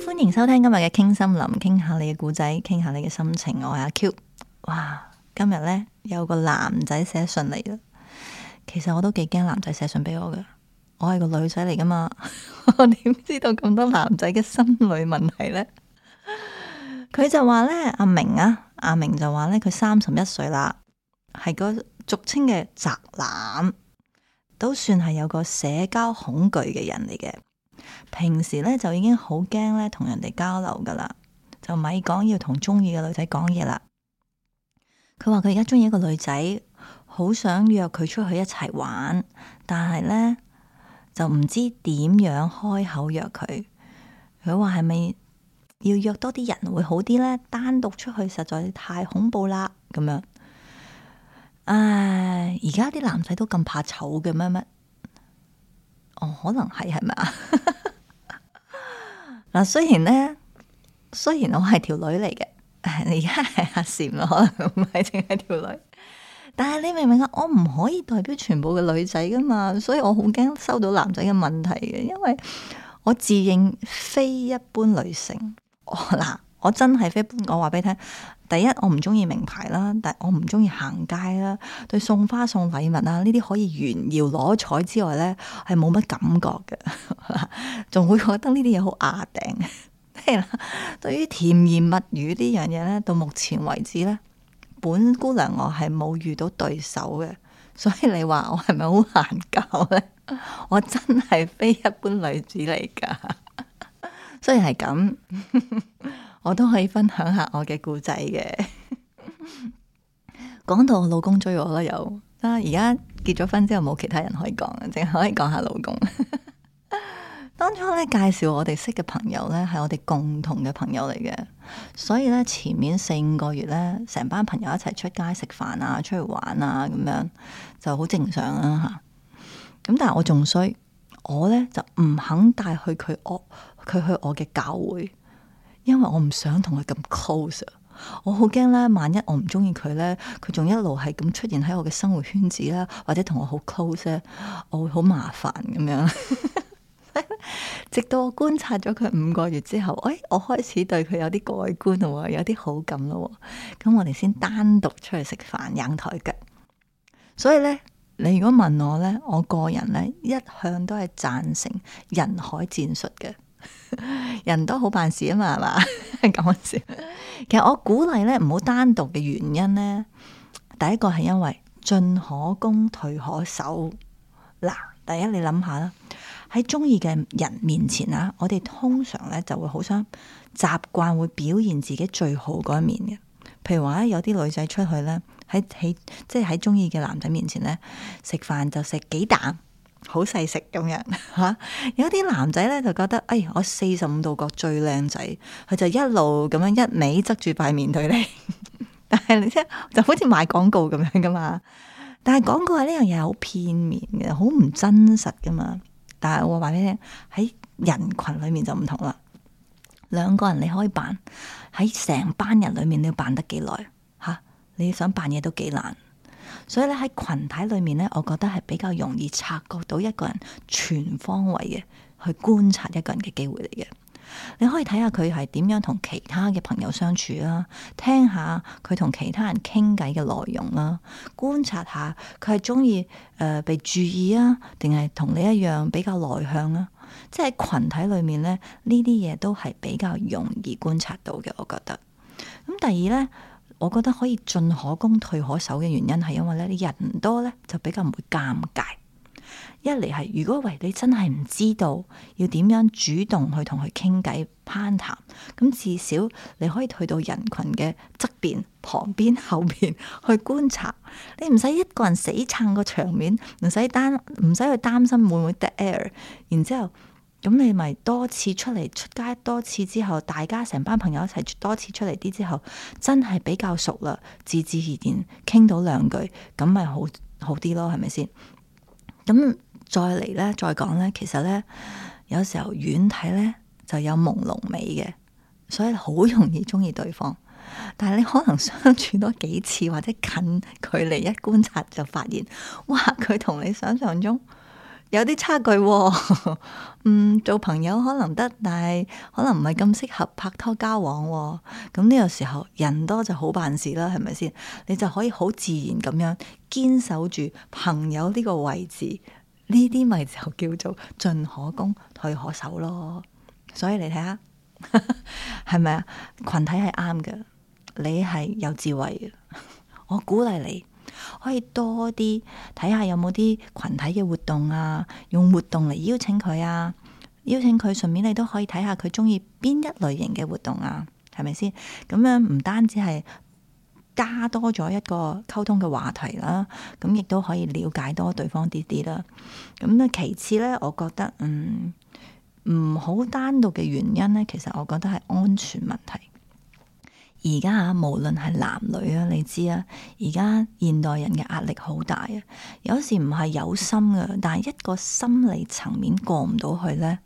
歡迎收聽今日嘅傾森林，傾下你嘅故仔，傾下你嘅心情。我係阿 Q。哇，今日呢有個男仔寫信嚟啦。其實我都幾驚男仔寫信俾我嘅，我係個女仔嚟噶嘛？ 我點知道咁多男仔嘅心理問題呢？佢 就話呢，阿、啊、明啊，阿、啊、明就話呢，佢三十一歲啦，係俗稱嘅宅男，都算係有個社交恐懼嘅人嚟嘅。平時咧就已經好驚咧同人哋交流噶啦，就咪講要同中意嘅女仔講嘢啦。佢話佢而家中意一個女仔，好想約佢出去一齊玩，但係咧就唔知點樣開口約佢。佢話係咪要約多啲人會好啲咧？單獨出去實在太恐怖啦，咁樣。唉，而家啲男仔都咁怕醜嘅咩乜？哦，可能係係咪啊？嗱， 雖然咧，雖然我係條女嚟嘅，誒，而家係阿嬋，可能唔係淨係條女，但係你明唔明啊？我唔可以代表全部嘅女仔噶嘛，所以我好驚收到男仔嘅問題嘅，因為我自認非一般女性。哦，嗱，我真係非一般，我話俾你聽。第一，我唔中意名牌啦，但係我唔中意行街啦。對送花送禮物啊，呢啲可以炫耀攞彩之外呢，係冇乜感覺嘅，仲 會覺得呢啲嘢好牙頂。 對於甜言蜜語呢樣嘢呢，到目前為止呢，本姑娘我係冇遇到對手嘅。所以你話我係咪好難教呢？ 我真係非一般女子嚟噶。雖然係咁。我都可以分享下我嘅故仔嘅。講到我老公追我啦，有啊，而家結咗婚之後冇其他人可以講，淨係可以講下老公。 當初咧，介紹我哋識嘅朋友咧，係我哋共同嘅朋友嚟嘅，所以咧前面四五個月咧，成班朋友一齊出街食飯啊，出去玩啊，咁樣就好正常啦吓。咁但係我仲衰，我咧就唔肯帶佢去我佢去我嘅教會。因為我唔想同佢咁 close，我好驚咧，萬一我唔中意佢咧，佢仲一路係咁出現喺我嘅生活圈子啦，或者同我好 close，我會好麻煩咁樣。 直到我觀察咗佢五個月之後，誒、哎，我開始對佢有啲改觀啦，有啲好感咯。咁我哋先單獨出去食飯，燉台腳。所以咧，你如果問我咧，我個人咧一向都係贊成人海戰術嘅。人都好辦事啊嘛，係嘛？講笑。其實我鼓勵咧，唔好單獨嘅原因呢，第一個係因為進可攻退可守。嗱，第一你諗下啦，喺中意嘅人面前啊，我哋通常咧就會好想習慣會表現自己最好嗰一面嘅。譬如話有啲女仔出去呢，喺喺即係喺中意嘅男仔面前呢，食飯就食幾啖。好細食咁樣吓， 有啲男仔咧就覺得，哎，我四十五度角最靚仔，佢就一路咁樣一味側住塊面對你，但係你聽，就好似賣廣告咁樣噶 嘛。但係廣告係呢樣嘢好片面嘅，好唔真實噶嘛。但係我話俾你聽，喺人群裏面就唔同啦。兩個人你可以扮，喺成班人裏面你要扮得幾耐吓？你想扮嘢都幾難。所以咧喺群體裏面咧，我覺得係比較容易察覺到一個人全方位嘅，去觀察一個人嘅機會嚟嘅。你可以睇下佢係點樣同其他嘅朋友相處啦、啊，聽下佢同其他人傾偈嘅內容啦、啊，觀察下佢係中意誒被注意啊，定係同你一樣比較內向啊。即係喺群體裏面咧，呢啲嘢都係比較容易觀察到嘅。我覺得。咁第二咧。我覺得可以進可攻退可守嘅原因係因為咧，你人多咧就比較唔會尷尬。一嚟，係如果喂，你真係唔知道要點樣主動去同佢傾偈攀談，咁至少你可以退到人群嘅側邊、旁邊、後邊去觀察，你唔使一個人死撐個場面，唔使擔唔使去擔心會唔會得 Air 然之後。咁你咪多次出嚟出街多次之後，大家成班朋友一齊多次出嚟啲之後，真係比較熟啦。自自然然傾到兩句，咁咪好好啲咯，係咪先？咁再嚟咧，再講咧，其實咧，有時候遠睇咧就有朦朧美嘅，所以好容易鍾意對方。但係你可能相處多幾次或者近距離一觀察就發現，哇！佢同你想像中。有啲差距，哦，嗯，做朋友可能得，但係可能唔係咁適合拍拖交往，哦。咁、嗯、呢、這個時候人多就好辦事啦，係咪先？你就可以好自然咁樣堅守住朋友呢個位置。呢啲咪就叫做進可攻退可守咯。所以你睇下，係咪啊？群體係啱嘅，你係有智慧嘅，我鼓勵你。可以多啲睇下有冇啲群體嘅活動啊，用活動嚟邀請佢啊，邀請佢順便你都可以睇下佢中意邊一類型嘅活動啊，係咪先？咁樣唔單止係加多咗一個溝通嘅話題啦，咁亦都可以了解多對方啲啲啦。咁咧，其次呢，我覺得嗯唔好單獨嘅原因呢，其實我覺得係安全問題。而家啊，無論係男女啊，你知啊，而家現代人嘅壓力好大啊，有時唔係有心嘅，但係一個心理層面過唔到去呢，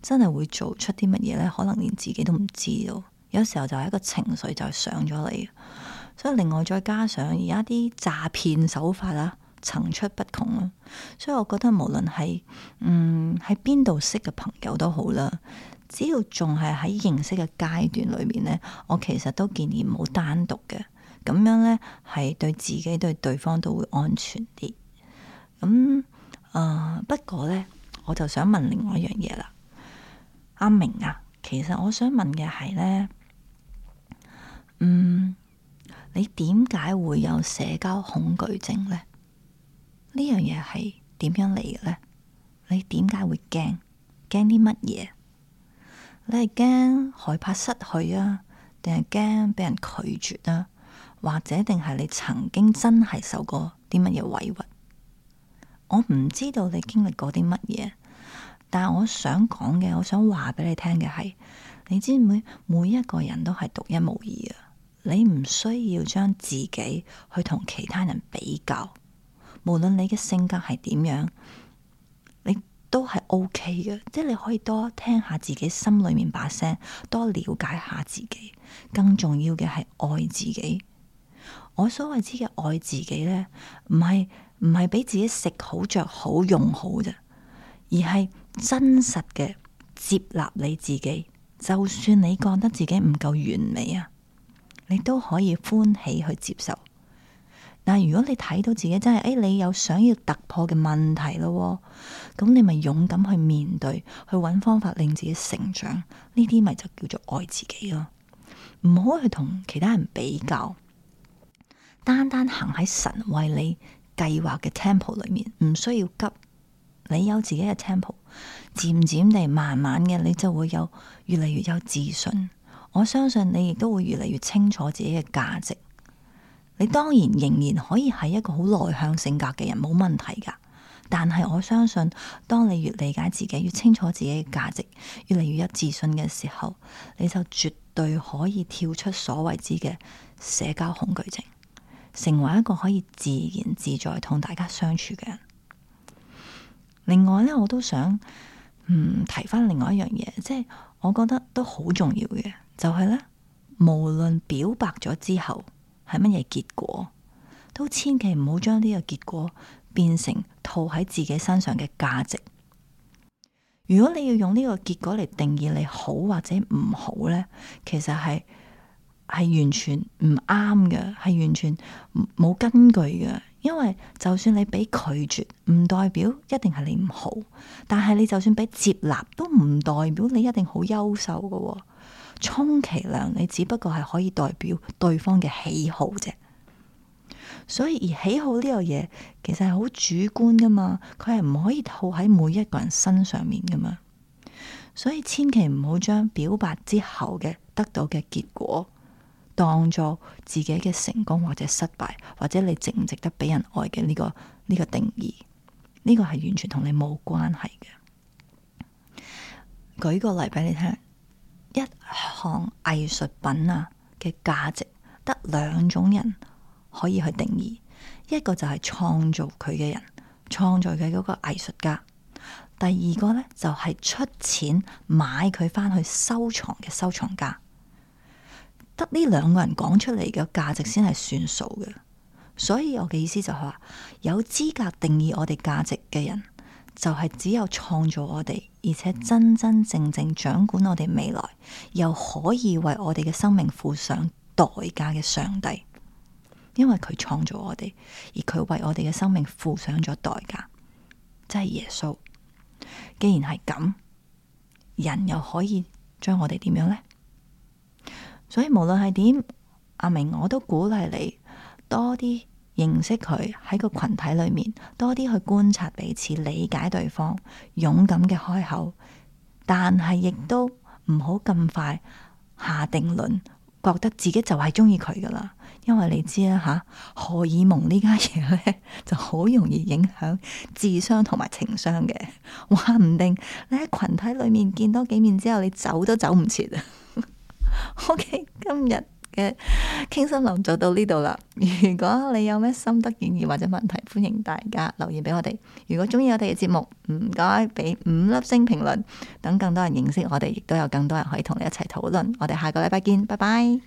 真係會做出啲乜嘢呢？可能連自己都唔知道。有時候就係一個情緒就上咗嚟，所以另外再加上而家啲詐騙手法啊，層出不窮啊，所以我覺得無論係嗯喺邊度識嘅朋友都好啦。只要仲係喺認識嘅階段裏面呢，我其實都建議唔好單獨嘅咁樣呢，係對自己對對方都會安全啲。咁啊、呃，不過呢，我就想問另外一樣嘢啦，阿明啊，其實我想問嘅係呢，嗯，你點解會有社交恐懼症呢？呢樣嘢係點樣嚟嘅呢？你點解會驚？驚啲乜嘢？你係驚害怕失去啊，定係驚俾人拒絕啊，或者定係你曾經真係受過啲乜嘢委屈？我唔知道你經歷過啲乜嘢，但係我想講嘅，我想話俾你聽嘅係，你知唔知每、每一個人都係獨一無二啊！你唔需要將自己去同其他人比較，無論你嘅性格係點樣。都係 OK 嘅，即係你可以多聽下自己心裏面把聲，多了解下自己。更重要嘅係愛自己。我所謂之嘅愛自己咧，唔係唔係俾自己食好、着好、用好啫，而係真實嘅接納你自己。就算你覺得自己唔夠完美啊，你都可以歡喜去接受。嗱，但如果你睇到自己真係，誒、哎，你有想要突破嘅問題咯，咁你咪勇敢去面對，去揾方法令自己成長，呢啲咪就叫做愛自己咯。唔好去同其他人比較，單單行喺神為你計劃嘅 tempo 裏面，唔需要急。你有自己嘅 tempo，漸漸地、慢慢嘅，你就會有越嚟越有自信。我相信你亦都會越嚟越清楚自己嘅價值。你當然仍然可以係一個好內向性格嘅人，冇問題㗎。但係，我相信當你越理解自己，越清楚自己嘅價值，越嚟越有自信嘅時候，你就絕對可以跳出所謂之嘅社交恐懼症，成為一個可以自然自在同大家相處嘅人。另外呢，我都想嗯提翻另外一樣嘢，即係我覺得都好重要嘅，就係呢：無論表白咗之後，係乜嘢結果都千祈唔好將呢個結果變成套喺自己身上嘅價值。如果你要用呢個結果嚟定義你好或者唔好咧，其實係係完全唔啱嘅，係完全冇根據嘅。因為就算你俾拒絕，唔代表一定係你唔好；但係你就算俾接納，都唔代表你一定好優秀嘅喎。充其量你只不過係可以代表對方嘅喜好啫，所以而喜好呢樣嘢其實係好主觀噶嘛，佢係唔可以套喺每一個人身上面噶嘛，所以千祈唔好將表白之後嘅得到嘅結果當作自己嘅成功或者失敗，或者你值唔值得俾人愛嘅呢個呢個定義，呢個係完全同你冇關係嘅。舉個例俾你聽。一項藝術品啊嘅價值，得兩種人可以去定義，一個就係創造佢嘅人，創造佢嗰個藝術家；第二個呢，就係出錢買佢返去收藏嘅收藏家。得呢兩個人講出嚟嘅價值先係算數嘅，所以我嘅意思就係話，有資格定義我哋價值嘅人，就係只有創造我哋，而且真真正正掌管我哋未來，又可以為我哋嘅生命付上代價嘅上帝，因為佢創造我哋，而佢為我哋嘅生命付上咗代價，即係耶穌。既然係咁，人又可以將我哋點樣呢？所以無論係點，阿明我都鼓勵你多啲。認識佢喺個群體裏面多啲去觀察彼此，理解對方，勇敢嘅開口，但係亦都唔好咁快下定論，覺得自己就係中意佢噶啦。因為你知啦吓荷爾蒙呢家嘢呢，就好容易影響智商同埋情商嘅，話唔定你喺群體裏面見多幾面之後，你走都走唔切啊。OK，今日。嘅傾森林就到呢度啦。如果你有咩心得建議或者問題，歡迎大家留言俾我哋。如果中意我哋嘅節目，唔該俾五粒星評論，等更多人認識我哋，亦都有更多人可以同你一齊討論。我哋下個禮拜見，拜拜。